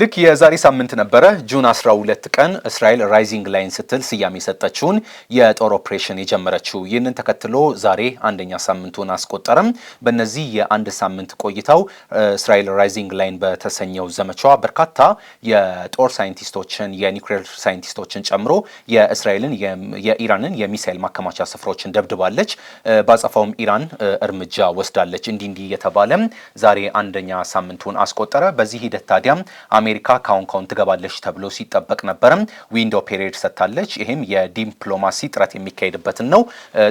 ልክ የዛሬ ሳምንት ነበረ ጁን 12 ቀን እስራኤል ራይዚንግ ላይን ስትል ስያሜ የሰጠችውን የጦር ኦፕሬሽን የጀመረችው። ይህንን ተከትሎ ዛሬ አንደኛ ሳምንቱን አስቆጠረም። በእነዚህ የአንድ ሳምንት ቆይታው እስራኤል ራይዚንግ ላይን በተሰኘው ዘመቻዋ በርካታ የጦር ሳይንቲስቶችን የኒውክሌር ሳይንቲስቶችን ጨምሮ የእስራኤልን የኢራንን የሚሳኤል ማከማቻ ስፍራዎችን ደብድባለች። ባጸፋውም ኢራን እርምጃ ወስዳለች። እንዲህ እንዲህ እየተባለ ዛሬ አንደኛ ሳምንቱን አስቆጠረ። በዚህ ሂደት ታዲያም አሜሪካ ካሁን ካሁን ትገባለች ተብሎ ሲጠበቅ ነበርም ዊንዶ ፔሪድ ሰጥታለች። ይህም የዲፕሎማሲ ጥረት የሚካሄድበትን ነው።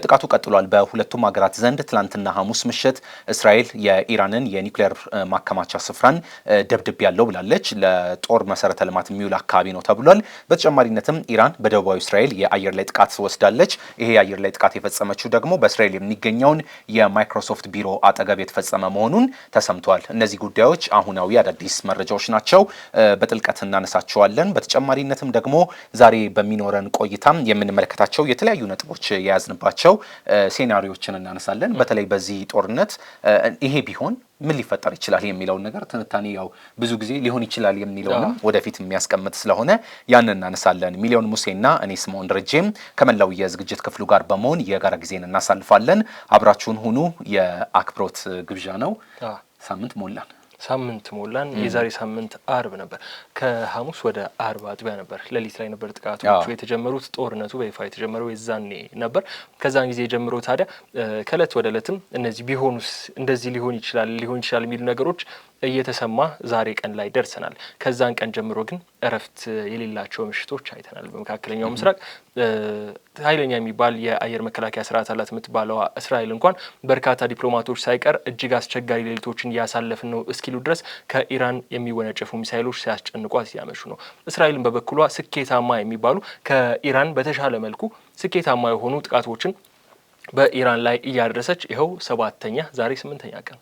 ጥቃቱ ቀጥሏል በሁለቱም ሀገራት ዘንድ። ትላንትና ሐሙስ ምሽት እስራኤል የኢራንን የኒውክሌር ማከማቻ ስፍራን ደብድብ ያለው ብላለች። ለጦር መሰረተ ልማት የሚውል አካባቢ ነው ተብሏል። በተጨማሪነትም ኢራን በደቡባዊ እስራኤል የአየር ላይ ጥቃት ወስዳለች። ይሄ የአየር ላይ ጥቃት የፈጸመችው ደግሞ በእስራኤል የሚገኘውን የማይክሮሶፍት ቢሮ አጠገብ የተፈጸመ መሆኑን ተሰምቷል። እነዚህ ጉዳዮች አሁናዊ አዳዲስ መረጃዎች ናቸው። በጥልቀት እናነሳቸዋለን። በተጨማሪነትም ደግሞ ዛሬ በሚኖረን ቆይታም የምንመለከታቸው የተለያዩ ነጥቦች የያዝንባቸው ሴናሪዎችን እናነሳለን። በተለይ በዚህ ጦርነት ይሄ ቢሆን ምን ሊፈጠር ይችላል የሚለውን ነገር ትንታኔ ያው ብዙ ጊዜ ሊሆን ይችላል የሚለውንም ወደፊት የሚያስቀምጥ ስለሆነ ያንን እናነሳለን። ሚሊዮን ሙሴና እኔ ስምኦን ደረጄም ከመላው የዝግጅት ክፍሉ ጋር በመሆን የጋራ ጊዜን እናሳልፋለን። አብራችሁን ሁኑ፣ የአክብሮት ግብዣ ነው። ሳምንት ሞላን። ሳምንት ሞላን። የዛሬ ሳምንት አርብ ነበር። ከሐሙስ ወደ አርብ አጥቢያ ነበር፣ ሌሊት ላይ ነበር ጥቃቶቹ የተጀመሩት። ጦርነቱ በይፋ የተጀመረው የዛኔ ነበር። ከዛን ጊዜ ጀምሮ ታዲያ ከእለት ወደ እለትም እነዚህ ቢሆኑስ እንደዚህ ሊሆን ይችላል ሊሆን ይችላል የሚሉ ነገሮች እየተሰማ ዛሬ ቀን ላይ ደርሰናል። ከዛን ቀን ጀምሮ ግን እረፍት የሌላቸው ምሽቶች አይተናል። በመካከለኛው ምስራቅ ኃይለኛ የሚባል የአየር መከላከያ ስርዓት አላት የምትባለዋ እስራኤል እንኳን በርካታ ዲፕሎማቶች ሳይቀር እጅግ አስቸጋሪ ሌሊቶችን እያሳለፍን ነው እስኪሉ ድረስ ከኢራን የሚወነጨፉ ሚሳይሎች ሲያስጨንቋት ሲያመሹ ነው። እስራኤልን በበኩሏ ስኬታማ የሚባሉ ከኢራን በተሻለ መልኩ ስኬታማ የሆኑ ጥቃቶችን በኢራን ላይ እያደረሰች ይኸው ሰባተኛ ዛሬ ስምንተኛ ቀን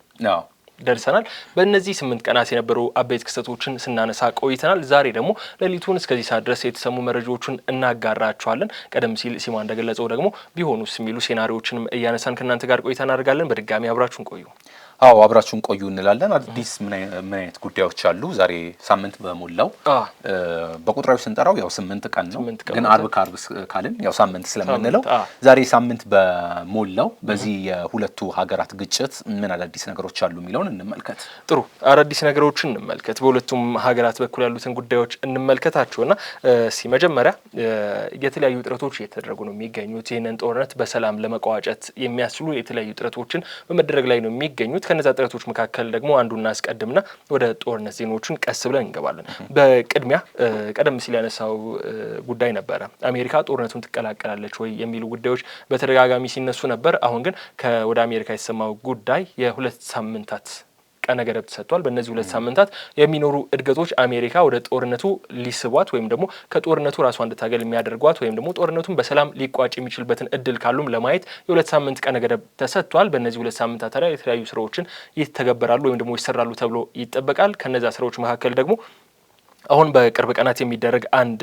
ደርሰናል። በእነዚህ ስምንት ቀናት የነበሩ አበይት ክስተቶችን ስናነሳ ቆይተናል። ዛሬ ደግሞ ሌሊቱን እስከዚህ ሰዓት ድረስ የተሰሙ መረጃዎችን እናጋራቸዋለን። ቀደም ሲል ሲማ እንደገለጸው ደግሞ ቢሆኑስ የሚሉ ሴናሪዎችንም እያነሳን ከእናንተ ጋር ቆይታ እናደርጋለን። በድጋሚ አብራችሁን ቆዩ። አዎ አብራችሁን ቆዩ እንላለን። አዲስ ምን አይነት ጉዳዮች አሉ? ዛሬ ሳምንት በሞላው በቁጥራዊ ስንጠራው ያው ስምንት ቀን ነው፣ ግን አርብ ከአርብ ካልን ያው ሳምንት ስለምንለው ዛሬ ሳምንት በሞላው በዚህ የሁለቱ ሀገራት ግጭት ምን አዳዲስ ነገሮች አሉ የሚለውን እንመልከት። ጥሩ አዳዲስ ነገሮችን እንመልከት። በሁለቱም ሀገራት በኩል ያሉትን ጉዳዮች እንመልከታቸውና እስኪ መጀመሪያ የተለያዩ ጥረቶች እየተደረጉ ነው የሚገኙት። ይህንን ጦርነት በሰላም ለመቋጨት የሚያስችሉ የተለያዩ ጥረቶችን በመደረግ ላይ ነው የሚገኙት ከነዛ ጥረቶች መካከል ደግሞ አንዱ እናስቀድምና ወደ ጦርነት ዜናዎቹን ቀስ ብለን እንገባለን። በቅድሚያ ቀደም ሲል ያነሳው ጉዳይ ነበረ፣ አሜሪካ ጦርነቱን ትቀላቀላለች ወይ የሚሉ ጉዳዮች በተደጋጋሚ ሲነሱ ነበር። አሁን ግን ወደ አሜሪካ የተሰማው ጉዳይ የሁለት ሳምንታት ቀነ ገደብ ተሰጥቷል። በእነዚህ ሁለት ሳምንታት የሚኖሩ እድገቶች አሜሪካ ወደ ጦርነቱ ሊስቧት ወይም ደግሞ ከጦርነቱ ራሷ እንድታገል የሚያደርጓት ወይም ደግሞ ጦርነቱን በሰላም ሊቋጭ የሚችልበትን እድል ካሉም ለማየት የሁለት ሳምንት ቀነ ገደብ ተሰጥቷል። በእነዚህ ሁለት ሳምንታት ታዲያ የተለያዩ ስራዎችን ይተገበራሉ ወይም ደግሞ ይሰራሉ ተብሎ ይጠበቃል። ከነዚያ ስራዎች መካከል ደግሞ አሁን በቅርብ ቀናት የሚደረግ አንድ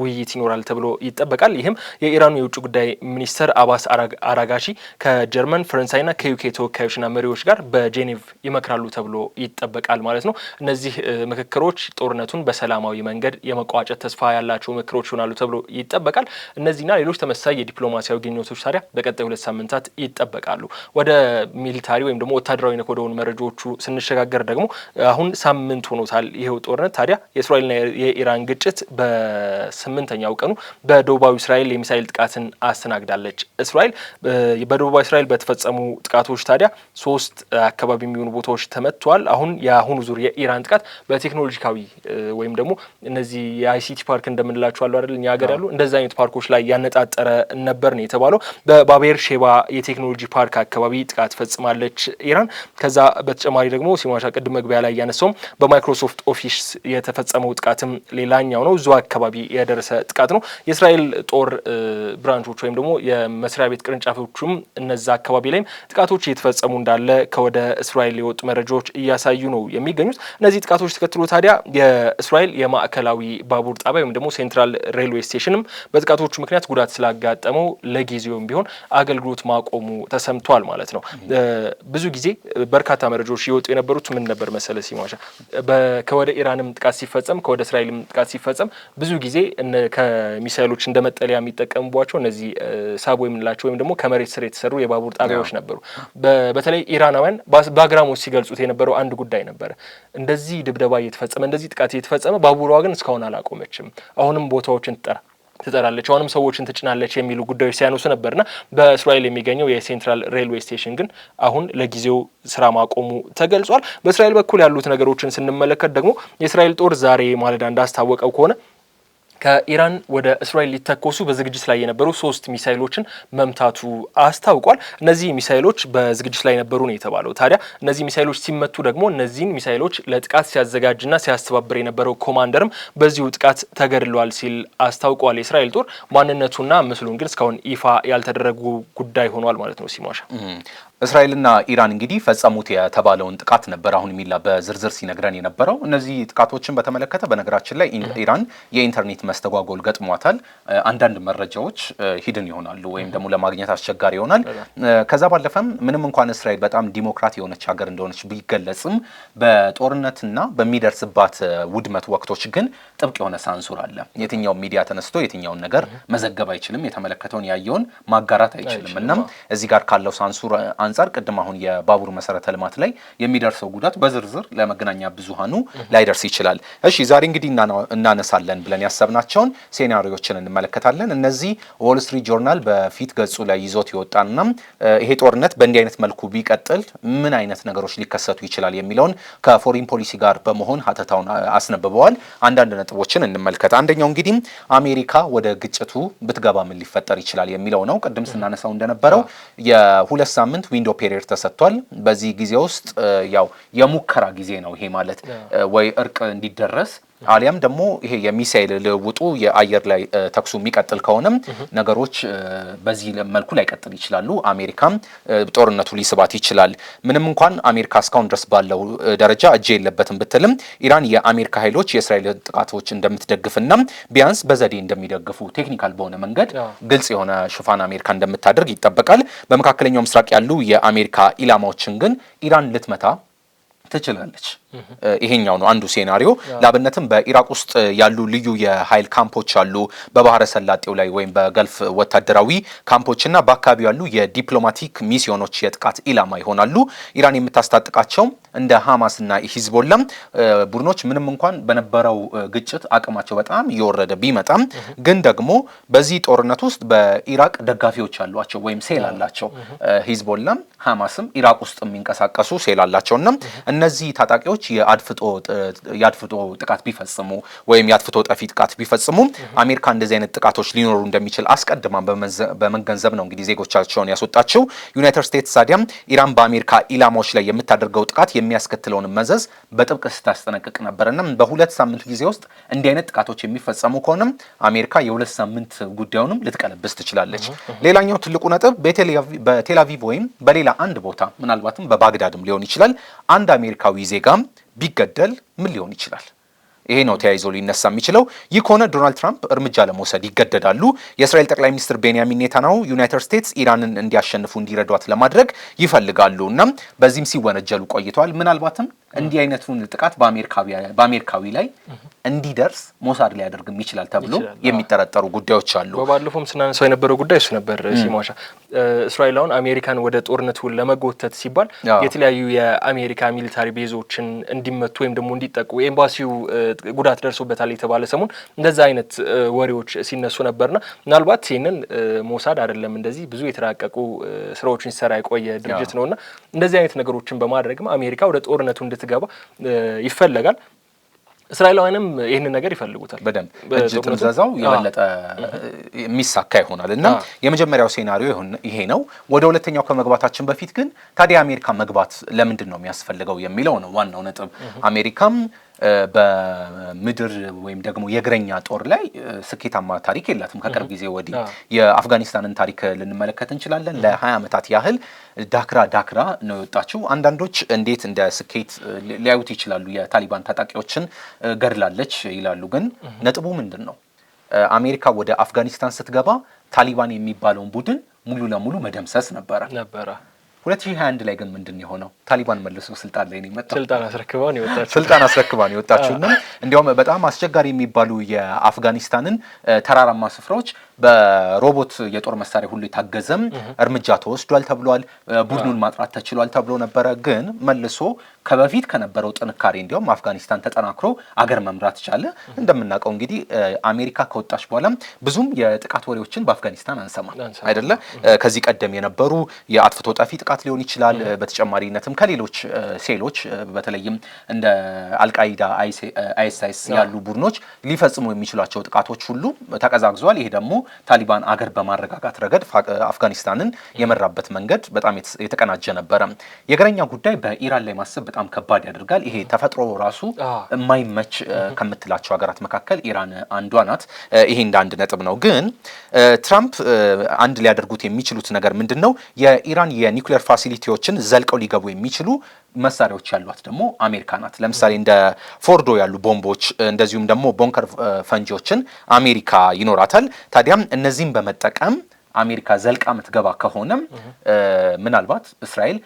ውይይት ይኖራል ተብሎ ይጠበቃል። ይህም የኢራኑ የውጭ ጉዳይ ሚኒስተር አባስ አራጋሺ ከጀርመን ፈረንሳይና ከዩኬ ተወካዮችና መሪዎች ጋር በጄኔቭ ይመክራሉ ተብሎ ይጠበቃል ማለት ነው። እነዚህ ምክክሮች ጦርነቱን በሰላማዊ መንገድ የመቋጨት ተስፋ ያላቸው ምክክሮች ይሆናሉ ተብሎ ይጠበቃል። እነዚህና ሌሎች ተመሳሳይ የዲፕሎማሲያዊ ግንኙነቶች ታዲያ በቀጣይ ሁለት ሳምንታት ይጠበቃሉ። ወደ ሚሊታሪ ወይም ደግሞ ወታደራዊነት ወደሆኑ መረጃዎቹ ስንሸጋገር ደግሞ አሁን ሳምንት ሆኖታል ይሄው ጦርነት ታዲያ የእስራኤልና የኢራን ግጭት በስምንተኛው ቀኑ በደቡባዊ እስራኤል የሚሳኤል ጥቃትን አስተናግዳለች። እስራኤል በደቡባዊ እስራኤል በተፈጸሙ ጥቃቶች ታዲያ ሶስት አካባቢ የሚሆኑ ቦታዎች ተመትተዋል። አሁን የአሁኑ ዙር የኢራን ጥቃት በቴክኖሎጂካዊ ወይም ደግሞ እነዚህ የአይሲቲ ፓርክ እንደምንላቸዋሉ አይደል እኛ ሀገር ያሉ እንደዚህ አይነት ፓርኮች ላይ ያነጣጠረ ነበር ነው የተባለው። በባቤር ሼባ የቴክኖሎጂ ፓርክ አካባቢ ጥቃት ፈጽማለች ኢራን። ከዛ በተጨማሪ ደግሞ ሲማሻ ቅድም መግቢያ ላይ ያነሳውም በማይክሮሶፍት ኦፊስ የተፈጸመው የፈጸመው ጥቃትም ሌላኛው ነው። እዚሁ አካባቢ የደረሰ ጥቃት ነው። የእስራኤል ጦር ብራንቾች ወይም ደግሞ የመስሪያ ቤት ቅርንጫፎቹም እነዛ አካባቢ ላይም ጥቃቶች እየተፈጸሙ እንዳለ ከወደ እስራኤል የወጡ መረጃዎች እያሳዩ ነው የሚገኙት። እነዚህ ጥቃቶች ተከትሎ ታዲያ የእስራኤል የማዕከላዊ ባቡር ጣቢያ ወይም ደግሞ ሴንትራል ሬልዌይ ስቴሽንም በጥቃቶቹ ምክንያት ጉዳት ስላጋጠመው ለጊዜውም ቢሆን አገልግሎት ማቆሙ ተሰምቷል ማለት ነው። ብዙ ጊዜ በርካታ መረጃዎች እየወጡ የነበሩት ምን ነበር መሰለ ሲማሻ ከወደ ኢራንም ጥቃት ሲፈጸም ሲፈጸም ከወደ እስራኤልም ጥቃት ሲፈጸም ብዙ ጊዜ ከሚሳይሎች እንደ መጠለያ የሚጠቀሙባቸው እነዚህ ሳቦ የምንላቸው ወይም ደግሞ ከመሬት ስር የተሰሩ የባቡር ጣቢያዎች ነበሩ። በተለይ ኢራናውያን በአግራሞች ሲገልጹት የነበረው አንድ ጉዳይ ነበረ። እንደዚህ ድብደባ እየተፈጸመ እንደዚህ ጥቃት እየተፈጸመ ባቡሯ ግን እስካሁን አላቆመችም፣ አሁንም ቦታዎችን ትጠራ ትጠራለች አሁንም ሰዎችን ትጭናለች የሚሉ ጉዳዮች ሲያነሱ ነበርና በእስራኤል የሚገኘው የሴንትራል ሬልዌይ ስቴሽን ግን አሁን ለጊዜው ስራ ማቆሙ ተገልጿል። በእስራኤል በኩል ያሉት ነገሮችን ስንመለከት ደግሞ የእስራኤል ጦር ዛሬ ማለዳ እንዳስታወቀው ከሆነ ከኢራን ወደ እስራኤል ሊተኮሱ በዝግጅት ላይ የነበሩ ሶስት ሚሳይሎችን መምታቱ አስታውቋል። እነዚህ ሚሳይሎች በዝግጅት ላይ የነበሩ ነው የተባለው። ታዲያ እነዚህ ሚሳይሎች ሲመቱ ደግሞ እነዚህን ሚሳይሎች ለጥቃት ሲያዘጋጅና ሲያስተባብር የነበረው ኮማንደርም በዚሁ ጥቃት ተገድሏል ሲል አስታውቋል። የእስራኤል ጦር ማንነቱና ምስሉን ግን እስካሁን ይፋ ያልተደረጉ ጉዳይ ሆኗል ማለት ነው ሲሟሻ እስራኤልና ኢራን እንግዲህ ፈጸሙት የተባለውን ጥቃት ነበር አሁን የሚላ በዝርዝር ሲነግረን የነበረው። እነዚህ ጥቃቶችን በተመለከተ በነገራችን ላይ ኢራን የኢንተርኔት መስተጓጎል ገጥሟታል። አንዳንድ መረጃዎች ሂድን ይሆናሉ ወይም ደግሞ ለማግኘት አስቸጋሪ ይሆናል። ከዛ ባለፈም ምንም እንኳን እስራኤል በጣም ዲሞክራት የሆነች ሀገር እንደሆነች ቢገለጽም በጦርነትና በሚደርስባት ውድመት ወቅቶች ግን ጥብቅ የሆነ ሳንሱር አለ። የትኛውን ሚዲያ ተነስቶ የትኛውን ነገር መዘገብ አይችልም፣ የተመለከተውን ያየውን ማጋራት አይችልም። እናም እዚህ ጋር ካለው ሳንሱር አንጻር ቅድም አሁን የባቡር መሰረተ ልማት ላይ የሚደርሰው ጉዳት በዝርዝር ለመገናኛ ብዙሃኑ ላይደርስ ይችላል። እሺ ዛሬ እንግዲህ እናነሳለን ብለን ያሰብናቸውን ሴናሪዎችን እንመለከታለን። እነዚህ ዎል ስትሪት ጆርናል በፊት ገጹ ላይ ይዞት ይወጣና ይሄ ጦርነት በእንዲህ አይነት መልኩ ቢቀጥል ምን አይነት ነገሮች ሊከሰቱ ይችላል የሚለውን ከፎሪን ፖሊሲ ጋር በመሆን ሀተታውን አስነብበዋል። አንዳንድ ነጥቦችን እንመልከት። አንደኛው እንግዲህ አሜሪካ ወደ ግጭቱ ብትገባ ምን ሊፈጠር ይችላል የሚለው ነው። ቅድም ስናነሳው እንደነበረው የሁለት ሳምንት ዊንዶ ፔሪየድ ተሰጥቷል። በዚህ ጊዜ ውስጥ ያው የሙከራ ጊዜ ነው ይሄ ማለት ወይ እርቅ እንዲደረስ አሊያም ደግሞ ይሄ የሚሳይል ልውውጡ የአየር ላይ ተኩሱ የሚቀጥል ከሆነም ነገሮች በዚህ መልኩ ላይቀጥል ይችላሉ። አሜሪካም ጦርነቱ ሊስባት ይችላል። ምንም እንኳን አሜሪካ እስካሁን ድረስ ባለው ደረጃ እጅ የለበትም ብትልም ኢራን የአሜሪካ ኃይሎች የእስራኤል ጥቃቶች እንደምትደግፍና ቢያንስ በዘዴ እንደሚደግፉ ቴክኒካል በሆነ መንገድ ግልጽ የሆነ ሽፋን አሜሪካ እንደምታደርግ ይጠበቃል። በመካከለኛው ምስራቅ ያሉ የአሜሪካ ኢላማዎችን ግን ኢራን ልትመታ ትችላለች። ይሄኛው ነው አንዱ ሴናሪዮ። ለአብነትም በኢራቅ ውስጥ ያሉ ልዩ የኃይል ካምፖች አሉ። በባህረ ሰላጤው ላይ ወይም በገልፍ ወታደራዊ ካምፖችና በአካባቢው ያሉ የዲፕሎማቲክ ሚስዮኖች የጥቃት ኢላማ ይሆናሉ። ኢራን የምታስታጥቃቸው እንደ ሐማስና ሂዝቦላም ቡድኖች ምንም እንኳን በነበረው ግጭት አቅማቸው በጣም እየወረደ ቢመጣም ግን ደግሞ በዚህ ጦርነት ውስጥ በኢራቅ ደጋፊዎች አሏቸው ወይም ሴል አላቸው። ሂዝቦላም ሐማስም ኢራቅ ውስጥ የሚንቀሳቀሱ ሴል አላቸውና እነዚህ ታጣቂዎች የአድፍጦ ጥቃት ቢፈጽሙ ወይም የአድፍጦ ጠፊ ጥቃት ቢፈጽሙ አሜሪካ እንደዚህ አይነት ጥቃቶች ሊኖሩ እንደሚችል አስቀድማ በመገንዘብ ነው እንግዲህ ዜጎቻቸውን ያስወጣችው። ዩናይትድ ስቴትስ ታዲያም ኢራን በአሜሪካ ኢላማዎች ላይ የምታደርገው ጥቃት የሚያስከትለውን መዘዝ በጥብቅ ስታስጠነቅቅ ነበርና በሁለት ሳምንቱ ጊዜ ውስጥ እንዲህ አይነት ጥቃቶች የሚፈጸሙ ከሆነም አሜሪካ የሁለት ሳምንት ጉዳዩንም ልትቀለብስ ትችላለች። ሌላኛው ትልቁ ነጥብ በቴላቪቭ ወይም በሌላ አንድ ቦታ ምናልባትም በባግዳድም ሊሆን ይችላል አንድ አሜሪካዊ ዜጋም ቢገደል ምን ሊሆን ይችላል? ይሄ ነው ተያይዞ ሊነሳ የሚችለው። ይህ ከሆነ ዶናልድ ትራምፕ እርምጃ ለመውሰድ ይገደዳሉ። የእስራኤል ጠቅላይ ሚኒስትር ቤንያሚን ኔታናው ዩናይትድ ስቴትስ ኢራንን እንዲያሸንፉ እንዲረዷት ለማድረግ ይፈልጋሉ። እናም በዚህም ሲወነጀሉ ቆይተዋል። ምናልባትም እንዲህ አይነቱን ጥቃት በአሜሪካዊ ላይ እንዲደርስ ሞሳድ ሊያደርግም ይችላል ተብሎ የሚጠረጠሩ ጉዳዮች አሉ። በባለፈውም ስናነሳው የነበረው ጉዳይ እሱ ነበር። ሲሟሻ እስራኤል አሁን አሜሪካን ወደ ጦርነቱ ለመጎተት ሲባል የተለያዩ የአሜሪካ ሚሊታሪ ቤዞችን እንዲመቱ ወይም ደግሞ እንዲጠቁ ኤምባሲው ጉዳት ደርሶበታል የተባለ ሰሞን እንደዛ አይነት ወሬዎች ሲነሱ ነበርና ምናልባት ይህንን ሞሳድ አይደለም እንደዚህ ብዙ የተራቀቁ ስራዎችን ሲሰራ የቆየ ድርጅት ነውና እንደዚህ አይነት ነገሮችን በማድረግም አሜሪካ ወደ ጦርነቱ እንድት እንድትገባ ይፈለጋል። እስራኤላውያንም ይህንን ነገር ይፈልጉታል። በደንብ እጅ ጥምዘዛው የበለጠ የሚሳካ ይሆናል እና የመጀመሪያው ሴናሪዮ ይሄ ነው። ወደ ሁለተኛው ከመግባታችን በፊት ግን ታዲያ አሜሪካ መግባት ለምንድን ነው የሚያስፈልገው የሚለው ነው ዋናው ነጥብ። አሜሪካም በምድር ወይም ደግሞ የእግረኛ ጦር ላይ ስኬታማ ታሪክ የላትም። ከቅርብ ጊዜ ወዲህ የአፍጋኒስታንን ታሪክ ልንመለከት እንችላለን። ለሀያ ዓመታት ያህል ዳክራ ዳክራ ነው የወጣችው። አንዳንዶች እንዴት እንደ ስኬት ሊያዩት ይችላሉ። የታሊባን ታጣቂዎችን ገድላለች ይላሉ። ግን ነጥቡ ምንድን ነው? አሜሪካ ወደ አፍጋኒስታን ስትገባ ታሊባን የሚባለውን ቡድን ሙሉ ለሙሉ መደምሰስ ነበረ ነበረ 2021 ላይ ግን ምንድን የሆነው ታሊባን መልሶ ስልጣን ላይ የመጣው። ስልጣን አስረክባን የወጣችው ስልጣን አስረክባን እንዲያውም በጣም አስቸጋሪ የሚባሉ የአፍጋኒስታንን ተራራማ ስፍራዎች በሮቦት የጦር መሳሪያ ሁሉ የታገዘም እርምጃ ተወስዷል ተብሏል። ቡድኑን ማጥራት ተችሏል ተብሎ ነበረ። ግን መልሶ ከበፊት ከነበረው ጥንካሬ እንዲሁም አፍጋኒስታን ተጠናክሮ አገር መምራት ቻለ። እንደምናውቀው እንግዲህ አሜሪካ ከወጣች በኋላም ብዙም የጥቃት ወሬዎችን በአፍጋኒስታን አንሰማ አይደለ? ከዚህ ቀደም የነበሩ የአጥፍቶ ጠፊ ጥቃት ሊሆን ይችላል። በተጨማሪነትም ከሌሎች ሴሎች በተለይም እንደ አልቃይዳ፣ አይኤስአይስ ያሉ ቡድኖች ሊፈጽሙ የሚችሏቸው ጥቃቶች ሁሉ ተቀዛቅዟል። ይሄ ደግሞ ታሊባን አገር በማረጋጋት ረገድ አፍጋኒስታንን የመራበት መንገድ በጣም የተቀናጀ ነበረ። የእግረኛ ጉዳይ በኢራን ላይ ማሰብ በጣም ከባድ ያደርጋል። ይሄ ተፈጥሮ ራሱ የማይመች ከምትላቸው ሀገራት መካከል ኢራን አንዷ ናት። ይሄ እንደ አንድ ነጥብ ነው። ግን ትራምፕ አንድ ሊያደርጉት የሚችሉት ነገር ምንድን ነው? የኢራን የኒውክሌር ፋሲሊቲዎችን ዘልቀው ሊገቡ የሚችሉ መሳሪያዎች ያሏት ደግሞ አሜሪካ ናት። ለምሳሌ እንደ ፎርዶ ያሉ ቦምቦች፣ እንደዚሁም ደግሞ ቦንከር ፈንጂዎችን አሜሪካ ይኖራታል። ታዲያም እነዚህም በመጠቀም አሜሪካ ዘልቃ ምትገባ ከሆነም ምናልባት እስራኤል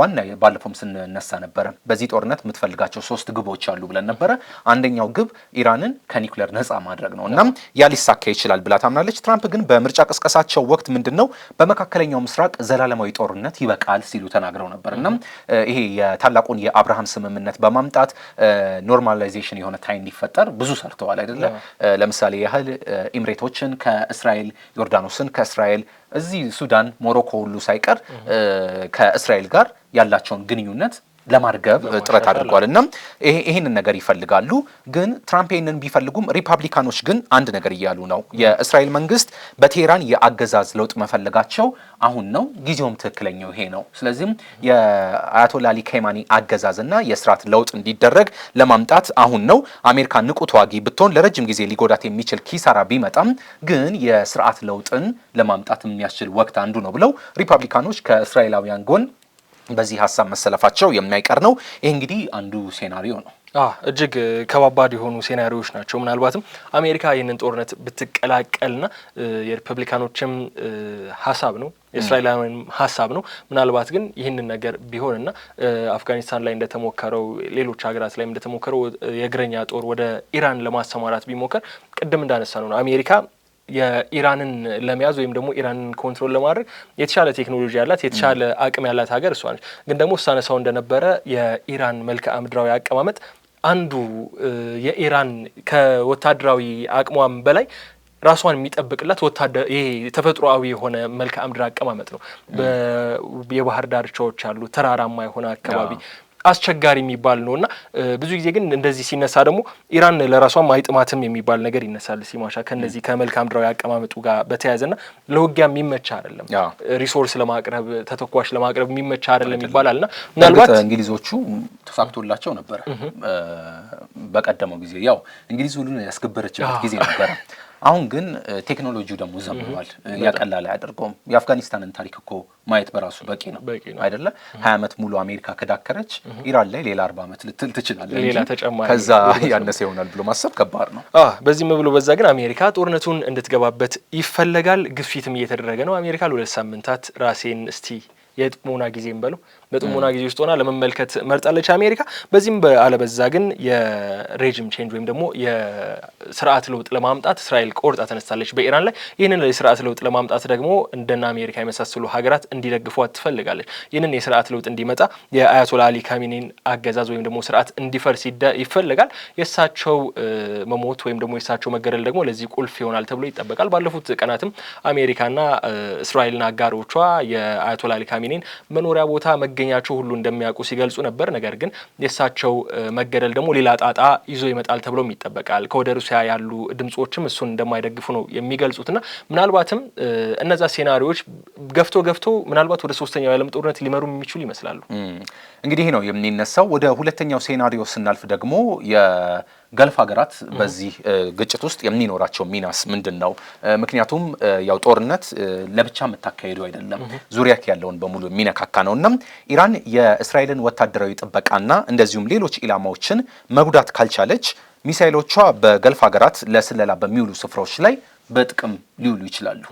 ዋና ባለፈውም ስንነሳ ነበረ በዚህ ጦርነት የምትፈልጋቸው ሶስት ግቦች አሉ ብለን ነበረ። አንደኛው ግብ ኢራንን ከኒውክሌር ነፃ ማድረግ ነው። እናም ያ ሊሳካ ይችላል ብላ ታምናለች። ትራምፕ ግን በምርጫ ቅስቀሳቸው ወቅት ምንድን ነው በመካከለኛው ምስራቅ ዘላለማዊ ጦርነት ይበቃል ሲሉ ተናግረው ነበር። እናም ይሄ የታላቁን የአብርሃም ስምምነት በማምጣት ኖርማላይዜሽን የሆነ ታይ እንዲፈጠር ብዙ ሰርተዋል አይደለ? ለምሳሌ ያህል ኢምሬቶችን ከእስራኤል ዮርዳኖስን ከእስራኤል እዚህ ሱዳን፣ ሞሮኮ ሁሉ ሳይቀር ከእስራኤል ጋር ያላቸውን ግንኙነት ለማርገብ ጥረት አድርጓል እና ይህንን ነገር ይፈልጋሉ። ግን ትራምፕ ይህንን ቢፈልጉም ሪፐብሊካኖች ግን አንድ ነገር እያሉ ነው። የእስራኤል መንግስት በቴህራን የአገዛዝ ለውጥ መፈለጋቸው አሁን ነው፣ ጊዜውም ትክክለኛው ይሄ ነው። ስለዚህም የአያቶላ አሊ ኬማኒ አገዛዝና የስርዓት ለውጥ እንዲደረግ ለማምጣት አሁን ነው። አሜሪካ ንቁ ተዋጊ ብትሆን ለረጅም ጊዜ ሊጎዳት የሚችል ኪሳራ ቢመጣም ግን የስርዓት ለውጥን ለማምጣት የሚያስችል ወቅት አንዱ ነው ብለው ሪፐብሊካኖች ከእስራኤላውያን ጎን በዚህ ሀሳብ መሰለፋቸው የማይቀር ነው። ይህ እንግዲህ አንዱ ሴናሪዮ ነው። እጅግ ከባባድ የሆኑ ሴናሪዎች ናቸው። ምናልባትም አሜሪካ ይህንን ጦርነት ብትቀላቀልና የሪፐብሊካኖችም ሀሳብ ነው የእስራኤላውያን ሀሳብ ነው። ምናልባት ግን ይህንን ነገር ቢሆንና አፍጋኒስታን ላይ እንደተሞከረው ሌሎች ሀገራት ላይ እንደተሞከረው የእግረኛ ጦር ወደ ኢራን ለማሰማራት ቢሞከር ቅድም እንዳነሳ ነው አሜሪካ የኢራንን ለመያዝ ወይም ደግሞ ኢራንን ኮንትሮል ለማድረግ የተሻለ ቴክኖሎጂ ያላት የተሻለ አቅም ያላት ሀገር እሷ ነች። ግን ደግሞ ሳነሳው እንደነበረ የኢራን መልክዓ ምድራዊ አቀማመጥ አንዱ የኢራን ከወታደራዊ አቅሟም በላይ ራሷን የሚጠብቅላት ወታደር ይሄ ተፈጥሮአዊ የሆነ መልክዓ ምድር አቀማመጥ ነው። የባህር ዳርቻዎች አሉ፣ ተራራማ የሆነ አካባቢ አስቸጋሪ የሚባል ነው እና ብዙ ጊዜ ግን እንደዚህ ሲነሳ ደግሞ ኢራን ለራሷም አይጥማትም የሚባል ነገር ይነሳል። ሲማሻ ከነዚህ ከመልካም ምድራዊ አቀማመጡ ጋር በተያያዘ ና ለውጊያ የሚመቻ አይደለም፣ ሪሶርስ ለማቅረብ ተተኳሽ ለማቅረብ የሚመቻ አይደለም ይባላል ና ምናልባት እንግሊዞቹ ተሳክቶላቸው ነበረ በቀደመው ጊዜ ያው እንግሊዝ ሁሉን ያስገበረችበት ጊዜ ነበረ አሁን ግን ቴክኖሎጂው ደግሞ ዘምኗል፣ ያቀላል አያደርገውም። የአፍጋኒስታንን ታሪክ እኮ ማየት በራሱ በቂ ነው አይደለ? ሀያ ዓመት ሙሉ አሜሪካ ከዳከረች ኢራን ላይ ሌላ አርባ ዓመት ልትል ትችላለች። ሌላ ተጨማሪ ከዛ ያነሰ ይሆናል ብሎ ማሰብ ከባድ ነው። በዚህም ብሎ በዛ ግን አሜሪካ ጦርነቱን እንድትገባበት ይፈለጋል። ግፊትም እየተደረገ ነው። አሜሪካ ለሁለት ሳምንታት ራሴን እስቲ የጥሞና ጊዜም በለው በጥሞና ጊዜ ውስጥ ሆና ለመመልከት መርጣለች አሜሪካ። በዚህም አለበዛ ግን የሬጅም ቼንጅ ወይም ደግሞ የስርዓት ለውጥ ለማምጣት እስራኤል ቆርጣ ተነስታለች በኢራን ላይ። ይህንን የስርዓት ለውጥ ለማምጣት ደግሞ እንደነ አሜሪካ የመሳሰሉ ሀገራት እንዲደግፏት ትፈልጋለች። ይህንን የስርዓት ለውጥ እንዲመጣ የአያቶላ አሊ ካሚኔን አገዛዝ ወይም ደግሞ ስርዓት እንዲፈርስ ይፈልጋል። የእሳቸው መሞት ወይም ደግሞ የእሳቸው መገደል ደግሞ ለዚህ ቁልፍ ይሆናል ተብሎ ይጠበቃል። ባለፉት ቀናትም አሜሪካና እስራኤልና አጋሮቿ የአያቶላ አሊ ካሚኒን መኖሪያ ቦታ መገ መገኛቸው ሁሉ እንደሚያውቁ ሲገልጹ ነበር። ነገር ግን የእሳቸው መገደል ደግሞ ሌላ ጣጣ ይዞ ይመጣል ተብሎም ይጠበቃል። ከወደ ሩሲያ ያሉ ድምጾችም እሱን እንደማይደግፉ ነው የሚገልጹትና ምናልባትም እነዛ ሴናሪዎች ገፍቶ ገፍቶ ምናልባት ወደ ሶስተኛው የዓለም ጦርነት ሊመሩ የሚችሉ ይመስላሉ። እንግዲህ ነው የሚነሳው። ወደ ሁለተኛው ሴናሪዮ ስናልፍ ደግሞ ገልፍ ሀገራት በዚህ ግጭት ውስጥ የሚኖራቸው ሚናስ ምንድን ነው? ምክንያቱም ያው ጦርነት ለብቻ የምታካሄዱ አይደለም፣ ዙሪያ ያለውን በሙሉ የሚነካካ ነው እና ኢራን የእስራኤልን ወታደራዊ ጥበቃና እንደዚሁም ሌሎች ኢላማዎችን መጉዳት ካልቻለች ሚሳይሎቿ በገልፍ ሀገራት ለስለላ በሚውሉ ስፍራዎች ላይ በጥቅም ሊውሉ ይችላሉ።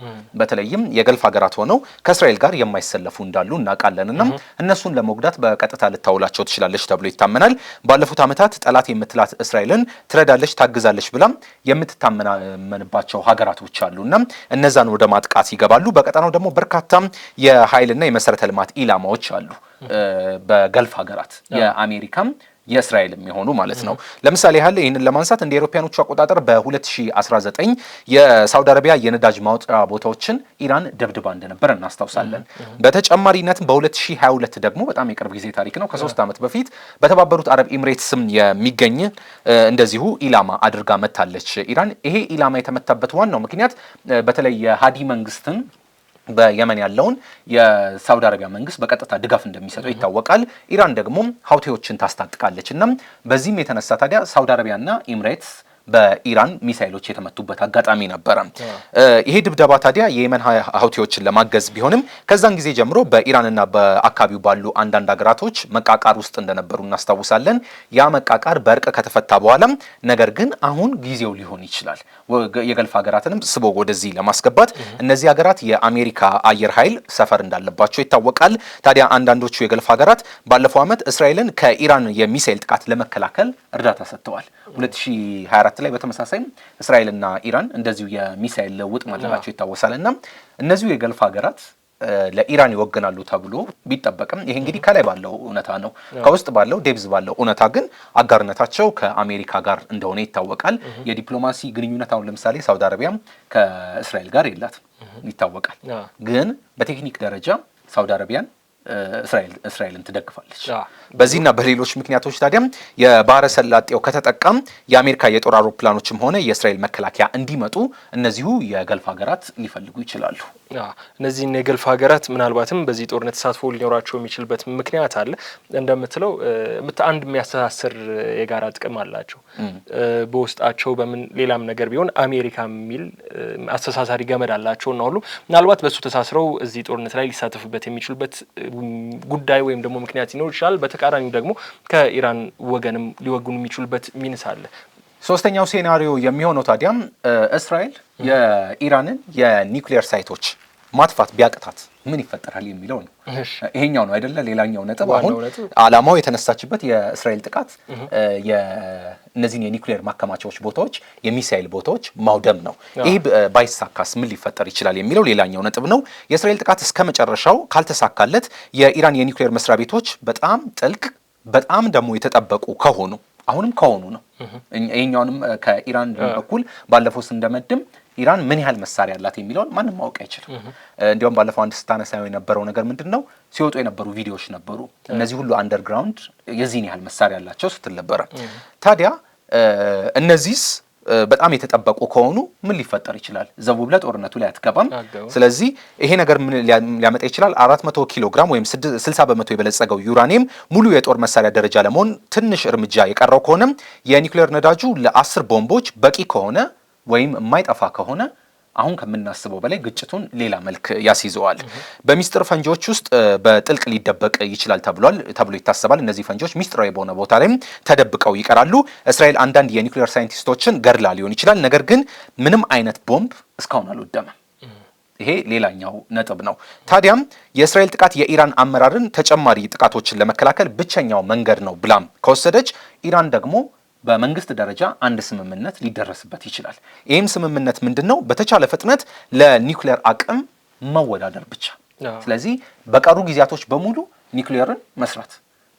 በተለይም የገልፍ ሀገራት ሆነው ከእስራኤል ጋር የማይሰለፉ እንዳሉ እናውቃለንና እነሱን ለመጉዳት በቀጥታ ልታውላቸው ትችላለች ተብሎ ይታመናል። ባለፉት ዓመታት ጠላት የምትላት እስራኤልን ትረዳለች፣ ታግዛለች ብላ የምትታመናመንባቸው ሀገራቶች አሉና እነዛን ወደ ማጥቃት ይገባሉ። በቀጠናው ደግሞ በርካታ የኃይልና የመሰረተ ልማት ኢላማዎች አሉ በገልፍ ሀገራት የአሜሪካም የእስራኤል የሚሆኑ ማለት ነው። ለምሳሌ ያህል ይህንን ለማንሳት እንደ ኤሮፓያኖቹ አቆጣጠር በ2019 የሳውዲ አረቢያ የነዳጅ ማውጫ ቦታዎችን ኢራን ደብድባ እንደነበር እናስታውሳለን። በተጨማሪነትም በ2022 ደግሞ በጣም የቅርብ ጊዜ ታሪክ ነው፣ ከሶስት ዓመት በፊት በተባበሩት አረብ ኤምሬት ስም የሚገኝ እንደዚሁ ኢላማ አድርጋ መታለች ኢራን። ይሄ ኢላማ የተመታበት ዋናው ምክንያት በተለይ የሃዲ መንግስትን በየመን ያለውን የሳውዲ አረቢያ መንግስት በቀጥታ ድጋፍ እንደሚሰጠው ይታወቃል። ኢራን ደግሞ ሀውቴዎችን ታስታጥቃለች እና በዚህም የተነሳ ታዲያ ሳውዲ አረቢያና ኢምሬትስ በኢራን ሚሳይሎች የተመቱበት አጋጣሚ ነበረ። ይሄ ድብደባ ታዲያ የየመን ሀውቲዎችን ለማገዝ ቢሆንም ከዛን ጊዜ ጀምሮ በኢራንና በአካባቢው ባሉ አንዳንድ ሀገራቶች መቃቃር ውስጥ እንደነበሩ እናስታውሳለን። ያ መቃቃር በእርቅ ከተፈታ በኋላም ነገር ግን አሁን ጊዜው ሊሆን ይችላል የገልፍ ሀገራትንም ስቦ ወደዚህ ለማስገባት እነዚህ ሀገራት የአሜሪካ አየር ኃይል ሰፈር እንዳለባቸው ይታወቃል። ታዲያ አንዳንዶቹ የገልፍ ሀገራት ባለፈው ዓመት እስራኤልን ከኢራን የሚሳይል ጥቃት ለመከላከል እርዳታ ሰጥተዋል 2024 2024 ላይ በተመሳሳይ እስራኤልና ኢራን እንደዚሁ የሚሳኤል ለውጥ ማድረጋቸው ይታወሳል። እና እነዚሁ የገልፍ ሀገራት ለኢራን ይወግናሉ ተብሎ ቢጠበቅም ይሄ እንግዲህ ከላይ ባለው እውነታ ነው። ከውስጥ ባለው ዴብዝ ባለው እውነታ ግን አጋርነታቸው ከአሜሪካ ጋር እንደሆነ ይታወቃል። የዲፕሎማሲ ግንኙነት አሁን ለምሳሌ ሳውዲ አረቢያ ከእስራኤል ጋር የላት ይታወቃል። ግን በቴክኒክ ደረጃ ሳውዲ አረቢያን እስራኤልን ትደግፋለች። በዚህና በሌሎች ምክንያቶች ታዲያም የባህረ ሰላጤው ከተጠቀም የአሜሪካ የጦር አውሮፕላኖችም ሆነ የእስራኤል መከላከያ እንዲመጡ እነዚሁ የገልፍ ሀገራት ሊፈልጉ ይችላሉ። እነዚህን የገልፍ ሀገራት ምናልባትም በዚህ ጦርነት ተሳትፎ ሊኖራቸው የሚችልበት ምክንያት አለ። እንደምትለው አንድ የሚያስተሳስር የጋራ ጥቅም አላቸው በውስጣቸው በምን ሌላም ነገር ቢሆን አሜሪካ የሚል አስተሳሳሪ ገመድ አላቸው እና ሁሉ ምናልባት በእሱ ተሳስረው እዚህ ጦርነት ላይ ሊሳተፉበት የሚችሉበት ጉዳይ ወይም ደግሞ ምክንያት ሊኖር ይችላል። በተቃራኒው ደግሞ ከኢራን ወገንም ሊወጉን የሚችሉበት ሚንስ አለ። ሶስተኛው ሴናሪዮ የሚሆነው ታዲያም እስራኤል የኢራንን የኒውክሌር ሳይቶች ማጥፋት ቢያቅታት ምን ይፈጠራል የሚለው ነው። ይሄኛው ነው አይደለ? ሌላኛው ነጥብ አሁን አላማው የተነሳችበት የእስራኤል ጥቃት እነዚህን የኒውክሌር ማከማቻዎች ቦታዎች፣ የሚሳይል ቦታዎች ማውደም ነው። ይህ ባይሳካስ ምን ሊፈጠር ይችላል የሚለው ሌላኛው ነጥብ ነው። የእስራኤል ጥቃት እስከ መጨረሻው ካልተሳካለት የኢራን የኒውክሌር መስሪያ ቤቶች በጣም ጥልቅ በጣም ደግሞ የተጠበቁ ከሆኑ አሁንም ከሆኑ ነው ይህኛውንም ከኢራን በኩል ባለፈው ስንደመድም ኢራን ምን ያህል መሳሪያ አላት የሚለውን ማንም ማወቅ አይችልም። እንዲሁም ባለፈው አንድ ስታነሳ የነበረው ነገር ምንድን ነው ሲወጡ የነበሩ ቪዲዮዎች ነበሩ። እነዚህ ሁሉ አንደርግራውንድ የዚህን ያህል መሳሪያ አላቸው ስትል ነበረ። ታዲያ እነዚህስ በጣም የተጠበቁ ከሆኑ ምን ሊፈጠር ይችላል? ዘቡብለ ብለህ ጦርነቱ ላይ አትገባም። ስለዚህ ይሄ ነገር ምን ሊያመጣ ይችላል? አራት መቶ ኪሎ ግራም ወይም ስልሳ በመቶ የበለጸገው ዩራኒየም ሙሉ የጦር መሳሪያ ደረጃ ለመሆን ትንሽ እርምጃ የቀረው ከሆነም የኒውክሌር ነዳጁ ለአስር ቦምቦች በቂ ከሆነ ወይም የማይጠፋ ከሆነ አሁን ከምናስበው በላይ ግጭቱን ሌላ መልክ ያስይዘዋል። በሚስጥር ፈንጂዎች ውስጥ በጥልቅ ሊደበቅ ይችላል ተብሏል ተብሎ ይታሰባል። እነዚህ ፈንጂዎች ሚስጥራዊ በሆነ ቦታ ላይም ተደብቀው ይቀራሉ። እስራኤል አንዳንድ የኒውክሌር ሳይንቲስቶችን ገድላ ሊሆን ይችላል፣ ነገር ግን ምንም አይነት ቦምብ እስካሁን አልወደመም። ይሄ ሌላኛው ነጥብ ነው። ታዲያም የእስራኤል ጥቃት የኢራን አመራርን ተጨማሪ ጥቃቶችን ለመከላከል ብቸኛው መንገድ ነው ብላም ከወሰደች ኢራን ደግሞ በመንግስት ደረጃ አንድ ስምምነት ሊደረስበት ይችላል። ይህም ስምምነት ምንድን ነው? በተቻለ ፍጥነት ለኒውክሌር አቅም መወዳደር ብቻ። ስለዚህ በቀሩ ጊዜያቶች በሙሉ ኒውክሌርን መስራት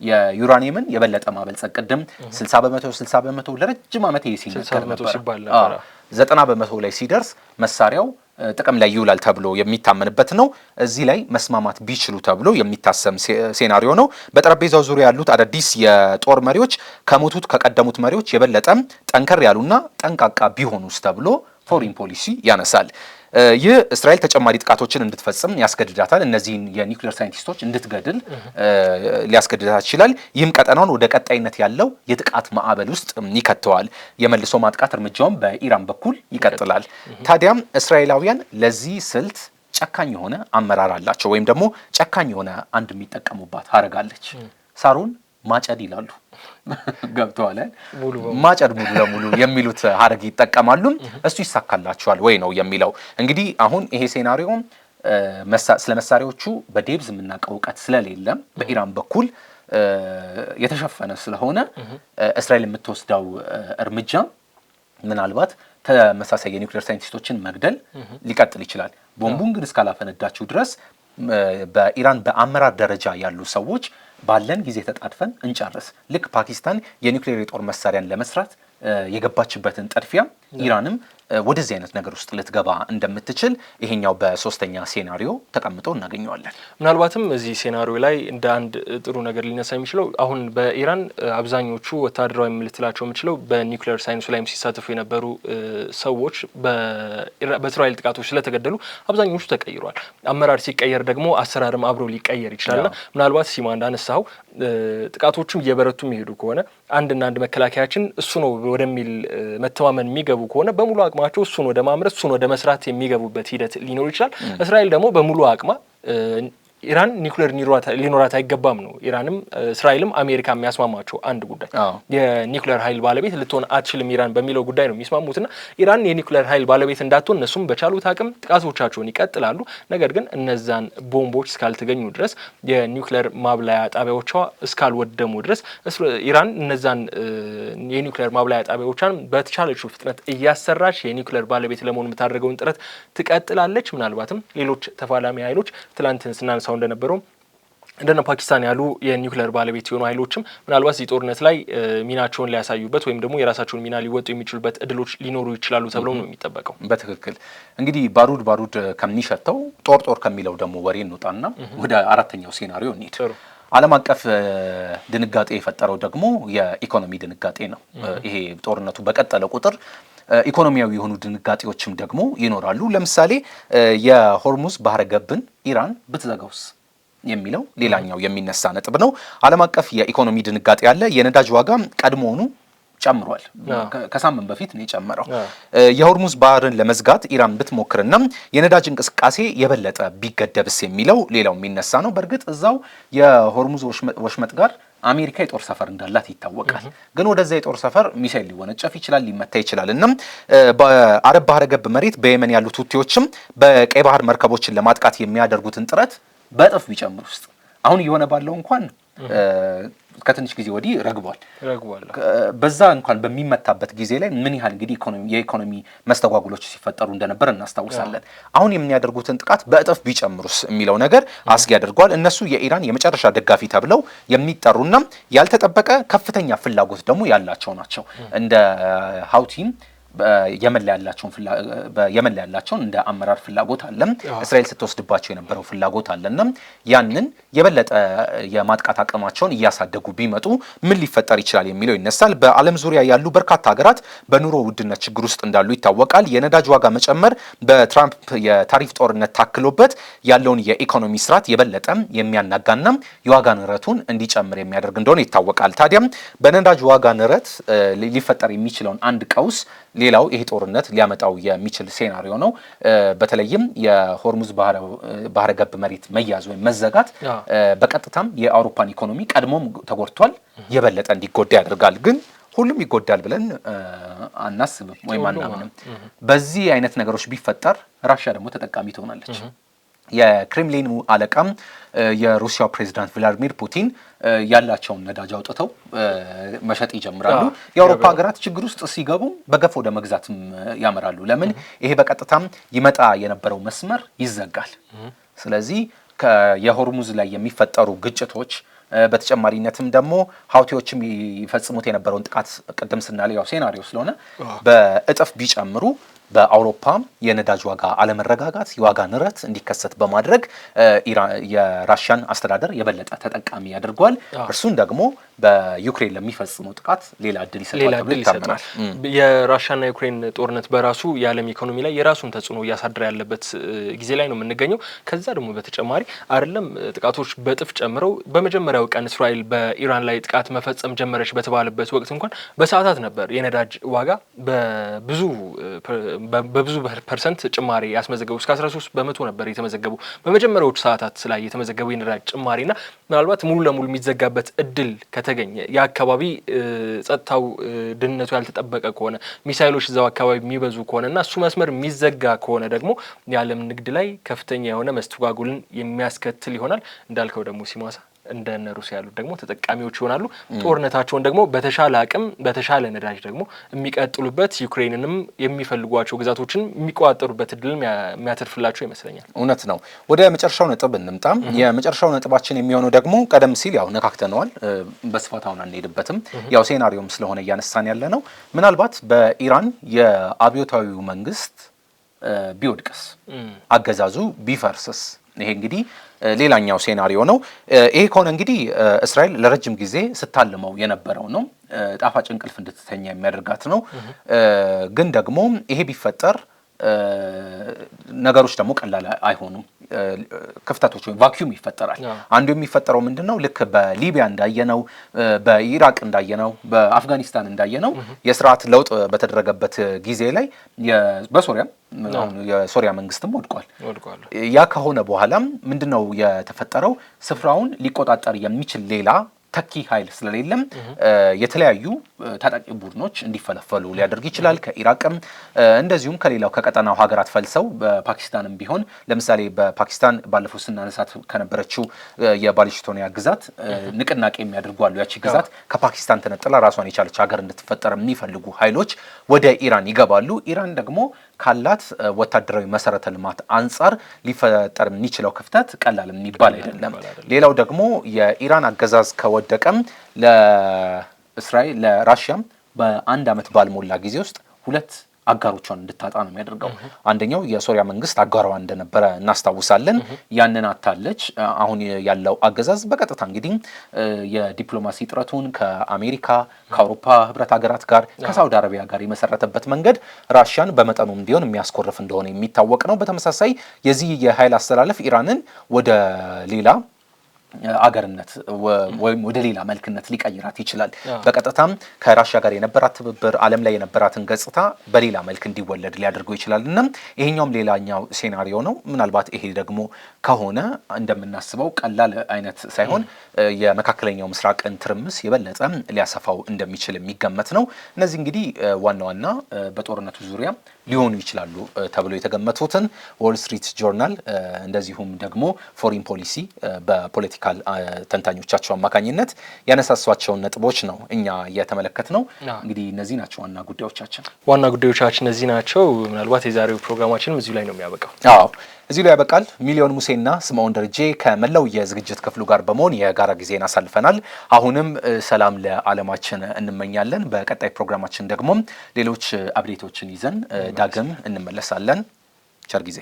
የዩራኒየምን የበለጠ ማበልጸግ ቅድም 60 በመቶ 60 በመቶ ለረጅም ዓመት ይሄ ሲባል ነበር። ዘጠና በመቶ ላይ ሲደርስ መሳሪያው ጥቅም ላይ ይውላል ተብሎ የሚታመንበት ነው። እዚህ ላይ መስማማት ቢችሉ ተብሎ የሚታሰም ሴናሪዮ ነው። በጠረጴዛው ዙሪያ ያሉት አዳዲስ የጦር መሪዎች ከሞቱት ከቀደሙት መሪዎች የበለጠም ጠንከር ያሉና ጠንቃቃ ቢሆኑስ ተብሎ ፎሪን ፖሊሲ ያነሳል። ይህ እስራኤል ተጨማሪ ጥቃቶችን እንድትፈጽም ያስገድዳታል። እነዚህን የኒውክሌር ሳይንቲስቶች እንድትገድል ሊያስገድዳት ይችላል። ይህም ቀጠናውን ወደ ቀጣይነት ያለው የጥቃት ማዕበል ውስጥ ይከተዋል። የመልሶ ማጥቃት እርምጃውን በኢራን በኩል ይቀጥላል። ታዲያም እስራኤላውያን ለዚህ ስልት ጨካኝ የሆነ አመራር አላቸው፣ ወይም ደግሞ ጨካኝ የሆነ አንድ የሚጠቀሙባት ሀረግ ሳሩን ማጨድ ይላሉ። ገብተዋል። ማጨድ ሙሉ ለሙሉ የሚሉት ሀረግ ይጠቀማሉ። እሱ ይሳካላቸዋል ወይ ነው የሚለው። እንግዲህ አሁን ይሄ ሴናሪዮ ስለ መሳሪያዎቹ በዴብዝ የምናውቀው እውቀት ስለሌለም በኢራን በኩል የተሸፈነ ስለሆነ እስራኤል የምትወስደው እርምጃ ምናልባት ተመሳሳይ የኒውክሌር ሳይንቲስቶችን መግደል ሊቀጥል ይችላል። ቦምቡን ግን እስካላፈነዳችው ድረስ በኢራን በአመራር ደረጃ ያሉ ሰዎች ባለን ጊዜ ተጣድፈን እንጨርስ። ልክ ፓኪስታን የኒውክሌር የጦር መሳሪያን ለመስራት የገባችበትን ጥድፊያ ኢራንም ወደዚህ አይነት ነገር ውስጥ ልትገባ እንደምትችል ይሄኛው በሶስተኛ ሴናሪዮ ተቀምጦ እናገኘዋለን። ምናልባትም እዚህ ሴናሪዮ ላይ እንደ አንድ ጥሩ ነገር ሊነሳ የሚችለው አሁን በኢራን አብዛኞቹ ወታደራዊ ልትላቸው የምችለው በኒውክሌር ሳይንሱ ላይም ሲሳተፉ የነበሩ ሰዎች በእስራኤል ጥቃቶች ስለተገደሉ አብዛኞቹ ተቀይሯል። አመራር ሲቀየር ደግሞ አሰራርም አብሮ ሊቀየር ና ምናልባት ሲማ እንዳነሳው ጥቃቶቹም እየበረቱ የሚሄዱ ከሆነ አንድና አንድ መከላከያችን እሱ ነው ወደሚል መተማመን የሚገቡ ከሆነ በሙሉ አቅማቸው እሱን ወደ ማምረት እሱን ወደ መስራት የሚገቡበት ሂደት ሊኖር ይችላል። እስራኤል ደግሞ በሙሉ አቅማ ኢራን ኒኩሌር ሊኖራት አይገባም ነው። ኢራንም እስራኤልም አሜሪካ የሚያስማማቸው አንድ ጉዳይ የኒኩሌር ኃይል ባለቤት ልትሆን አትችልም ኢራን በሚለው ጉዳይ ነው ና ኢራን የኒኩሌር ኃይል ባለቤት እንዳትሆን እነሱም በቻሉት አቅም ጥቃቶቻቸውን ይቀጥላሉ። ነገር ግን እነዛን ቦምቦች እስካልተገኙ ድረስ የኒኩሌር ማብላያ ጣቢያዎቿ እስካልወደሙ ድረስ ኢራን እነዛን የኒኩሌር ማብላያ ጣቢያዎቿን በተቻለችው ፍጥነት እያሰራች የኒኩሌር ባለቤት ለመሆን የምታደርገውን ጥረት ትቀጥላለች። ምናልባትም ሌሎች ተፋላሚ ኃይሎች ትላንትን ስናነሳው እንደነበረው እንደነ ፓኪስታን ያሉ የኒውክሌር ባለቤት የሆኑ ኃይሎችም ምናልባት እዚህ ጦርነት ላይ ሚናቸውን ሊያሳዩበት ወይም ደግሞ የራሳቸውን ሚና ሊወጡ የሚችሉበት እድሎች ሊኖሩ ይችላሉ ተብለው ነው የሚጠበቀው። በትክክል እንግዲህ ባሩድ ባሩድ ከሚሸተው ጦር ጦር ከሚለው ደግሞ ወሬ እንውጣና ወደ አራተኛው ሴናሪዮ እንሂድ። ዓለም አቀፍ ድንጋጤ የፈጠረው ደግሞ የኢኮኖሚ ድንጋጤ ነው። ይሄ ጦርነቱ በቀጠለ ቁጥር ኢኮኖሚያዊ የሆኑ ድንጋጤዎችም ደግሞ ይኖራሉ። ለምሳሌ የሆርሙዝ ባህረ ገብን ኢራን ብትዘጋውስ የሚለው ሌላኛው የሚነሳ ነጥብ ነው። ዓለም አቀፍ የኢኮኖሚ ድንጋጤ አለ። የነዳጅ ዋጋ ቀድሞውኑ ጨምሯል። ከሳምንት በፊት ነው የጨመረው። የሆርሙዝ ባህርን ለመዝጋት ኢራን ብትሞክርና የነዳጅ እንቅስቃሴ የበለጠ ቢገደብስ የሚለው ሌላው የሚነሳ ነው። በእርግጥ እዛው የሆርሙዝ ወሽመጥ ጋር አሜሪካ የጦር ሰፈር እንዳላት ይታወቃል። ግን ወደዛ የጦር ሰፈር ሚሳይል ሊወነጨፍ ይችላል፣ ሊመታ ይችላል። እናም በአረብ ባህረ ገብ መሬት በየመን ያሉት ሁቲዎችም በቀይ ባህር መርከቦችን ለማጥቃት የሚያደርጉትን ጥረት በእጥፍ ቢጨምር ውስጥ አሁን እየሆነ ባለው እንኳን ከትንሽ ጊዜ ወዲህ ረግቧል። በዛ እንኳን በሚመታበት ጊዜ ላይ ምን ያህል እንግዲህ የኢኮኖሚ መስተጓጉሎች ሲፈጠሩ እንደነበር እናስታውሳለን። አሁን የሚያደርጉትን ጥቃት በእጥፍ ቢጨምሩስ የሚለው ነገር አስጊ ያደርገዋል። እነሱ የኢራን የመጨረሻ ደጋፊ ተብለው የሚጠሩና ያልተጠበቀ ከፍተኛ ፍላጎት ደግሞ ያላቸው ናቸው እንደ ሀውቲም የመን ላይ ያላቸውን እንደ አመራር ፍላጎት አለ፣ እስራኤል ስትወስድባቸው የነበረው ፍላጎት አለና ያንን የበለጠ የማጥቃት አቅማቸውን እያሳደጉ ቢመጡ ምን ሊፈጠር ይችላል የሚለው ይነሳል። በዓለም ዙሪያ ያሉ በርካታ ሀገራት በኑሮ ውድነት ችግር ውስጥ እንዳሉ ይታወቃል። የነዳጅ ዋጋ መጨመር በትራምፕ የታሪፍ ጦርነት ታክሎበት ያለውን የኢኮኖሚ ስርዓት የበለጠ የሚያናጋና የዋጋ ንረቱን እንዲጨምር የሚያደርግ እንደሆነ ይታወቃል። ታዲያም በነዳጅ ዋጋ ንረት ሊፈጠር የሚችለውን አንድ ቀውስ ሌላው ይሄ ጦርነት ሊያመጣው የሚችል ሴናሪዮ ነው። በተለይም የሆርሙዝ ባህረ ገብ መሬት መያዝ ወይም መዘጋት በቀጥታም የአውሮፓን ኢኮኖሚ ቀድሞም ተጎድቷል፣ የበለጠ እንዲጎዳ ያደርጋል። ግን ሁሉም ይጎዳል ብለን አናስብም ወይም አናምንም። በዚህ አይነት ነገሮች ቢፈጠር ራሻ ደግሞ ተጠቃሚ ትሆናለች። የክሬምሊኑ አለቃም የሩሲያው ፕሬዚዳንት ቭላድሚር ፑቲን ያላቸውን ነዳጅ አውጥተው መሸጥ ይጀምራሉ። የአውሮፓ ሀገራት ችግር ውስጥ ሲገቡ በገፍ ወደ መግዛትም ያመራሉ። ለምን? ይሄ በቀጥታም ይመጣ የነበረው መስመር ይዘጋል። ስለዚህ የሆርሙዝ ላይ የሚፈጠሩ ግጭቶች በተጨማሪነትም ደግሞ ሀውቲዎችም ይፈጽሙት የነበረውን ጥቃት ቅድም ስናለ ያው ሴናሪዮ ስለሆነ በእጥፍ ቢጨምሩ በአውሮፓ የነዳጅ ዋጋ አለመረጋጋት የዋጋ ንረት እንዲከሰት በማድረግ የራሽያን አስተዳደር የበለጠ ተጠቃሚ ያደርገዋል። እርሱን ደግሞ በዩክሬን ለሚፈጽመው ጥቃት ሌላ እድል ይሰጣል ተብሎ ይታመናል። የራሽያና ዩክሬን ጦርነት በራሱ የዓለም ኢኮኖሚ ላይ የራሱን ተጽዕኖ እያሳደረ ያለበት ጊዜ ላይ ነው የምንገኘው። ከዛ ደግሞ በተጨማሪ አይደለም ጥቃቶች በጥፍ ጨምረው በመጀመሪያው ቀን እስራኤል በኢራን ላይ ጥቃት መፈጸም ጀመረች በተባለበት ወቅት እንኳን በሰዓታት ነበር የነዳጅ ዋጋ በብዙ በብዙ ፐርሰንት ጭማሪ ያስመዘገቡ እስከ 13 በመቶ ነበር የተመዘገቡ በመጀመሪያዎቹ ሰዓታት ላይ የተመዘገቡ የነዳጅ ጭማሪና ምናልባት ሙሉ ለሙሉ የሚዘጋበት እድል ከተገኘ የአካባቢ ጸጥታው ድህንነቱ ያልተጠበቀ ከሆነ ሚሳይሎች እዛው አካባቢ የሚበዙ ከሆነ ና እሱ መስመር የሚዘጋ ከሆነ ደግሞ የዓለም ንግድ ላይ ከፍተኛ የሆነ መስተጓጉልን የሚያስከትል ይሆናል እንዳልከው ደግሞ ሲማሳ እንደነ ሩሲያ ያሉት ደግሞ ተጠቃሚዎች ይሆናሉ። ጦርነታቸውን ደግሞ በተሻለ አቅም በተሻለ ነዳጅ ደግሞ የሚቀጥሉበት ዩክሬንንም የሚፈልጓቸው ግዛቶችን የሚቆጣጠሩበት እድል የሚያተርፍላቸው ይመስለኛል። እውነት ነው። ወደ መጨረሻው ነጥብ እንምጣም። የመጨረሻው ነጥባችን የሚሆነው ደግሞ ቀደም ሲል ያው ነካክተነዋል፣ በስፋት አሁን አንሄድበትም። ያው ሴናሪዮም ስለሆነ እያነሳን ያለ ነው። ምናልባት በኢራን የአብዮታዊ መንግስት ቢወድቅስ፣ አገዛዙ ቢፈርስስ? ይሄ እንግዲህ ሌላኛው ሴናሪዮ ነው። ይሄ ከሆነ እንግዲህ እስራኤል ለረጅም ጊዜ ስታልመው የነበረው ነው። ጣፋጭ እንቅልፍ እንድትተኛ የሚያደርጋት ነው። ግን ደግሞ ይሄ ቢፈጠር ነገሮች ደግሞ ቀላል አይሆኑም። ክፍተቶች ወይም ቫኪዩም ይፈጠራል። አንዱ የሚፈጠረው ምንድን ነው? ልክ በሊቢያ እንዳየነው፣ በኢራቅ እንዳየነው፣ በአፍጋኒስታን እንዳየነው የስርዓት ለውጥ በተደረገበት ጊዜ ላይ በሶሪያም የሶሪያ መንግስትም ወድቋል። ያ ከሆነ በኋላም ምንድን ነው የተፈጠረው? ስፍራውን ሊቆጣጠር የሚችል ሌላ ተኪ ኃይል ስለሌለም የተለያዩ ታጣቂ ቡድኖች እንዲፈለፈሉ ሊያደርግ ይችላል። ከኢራቅም እንደዚሁም ከሌላው ከቀጠናው ሀገራት ፈልሰው በፓኪስታንም ቢሆን ለምሳሌ በፓኪስታን ባለፈው ስናነሳት ከነበረችው የባልሽቶኒያ ግዛት ንቅናቄ የሚያደርጉ አሉ። ያቺ ግዛት ከፓኪስታን ተነጥላ ራሷን የቻለች ሀገር እንድትፈጠር የሚፈልጉ ኃይሎች ወደ ኢራን ይገባሉ። ኢራን ደግሞ ካላት ወታደራዊ መሰረተ ልማት አንጻር ሊፈጠር የሚችለው ክፍተት ቀላል የሚባል አይደለም። ሌላው ደግሞ የኢራን አገዛዝ ከወደቀም ለእስራኤል ለራሽያም በአንድ ዓመት ባልሞላ ጊዜ ውስጥ ሁለት አጋሮቿን እንድታጣ ነው የሚያደርገው። አንደኛው የሶሪያ መንግስት አጋሯ እንደነበረ እናስታውሳለን። ያንን አታለች። አሁን ያለው አገዛዝ በቀጥታ እንግዲህ የዲፕሎማሲ ጥረቱን ከአሜሪካ ከአውሮፓ ህብረት ሀገራት ጋር ከሳውዲ አረቢያ ጋር የመሰረተበት መንገድ ራሽያን በመጠኑም ቢሆን የሚያስኮርፍ እንደሆነ የሚታወቅ ነው። በተመሳሳይ የዚህ የኃይል አስተላለፍ ኢራንን ወደ ሌላ አገርነት ወይም ወደ ሌላ መልክነት ሊቀይራት ይችላል። በቀጥታም ከራሽያ ጋር የነበራት ትብብር ዓለም ላይ የነበራትን ገጽታ በሌላ መልክ እንዲወለድ ሊያደርገው ይችላል እና ይሄኛውም ሌላኛው ሴናሪዮ ነው። ምናልባት ይሄ ደግሞ ከሆነ እንደምናስበው ቀላል አይነት ሳይሆን የመካከለኛው ምስራቅን ትርምስ የበለጠ ሊያሰፋው እንደሚችል የሚገመት ነው። እነዚህ እንግዲህ ዋና ዋና በጦርነቱ ዙሪያ ሊሆኑ ይችላሉ ተብሎ የተገመቱትን ዎል ስትሪት ጆርናል እንደዚሁም ደግሞ ፎሪን ፖሊሲ በፖለቲካል ተንታኞቻቸው አማካኝነት ያነሳሷቸውን ነጥቦች ነው እኛ እየተመለከት ነው። እንግዲህ እነዚህ ናቸው ዋና ጉዳዮቻችን ዋና ጉዳዮቻችን እነዚህ ናቸው። ምናልባት የዛሬው ፕሮግራማችንም እዚሁ ላይ ነው የሚያበቃው። አዎ እዚህ ላይ ያበቃል። ሚሊዮን ሙሴና ስምዖን ደርጄ ከመላው የዝግጅት ክፍሉ ጋር በመሆን የጋራ ጊዜን አሳልፈናል። አሁንም ሰላም ለዓለማችን እንመኛለን። በቀጣይ ፕሮግራማችን ደግሞ ሌሎች አብዴቶችን ይዘን ዳግም እንመለሳለን። ቸር ጊዜ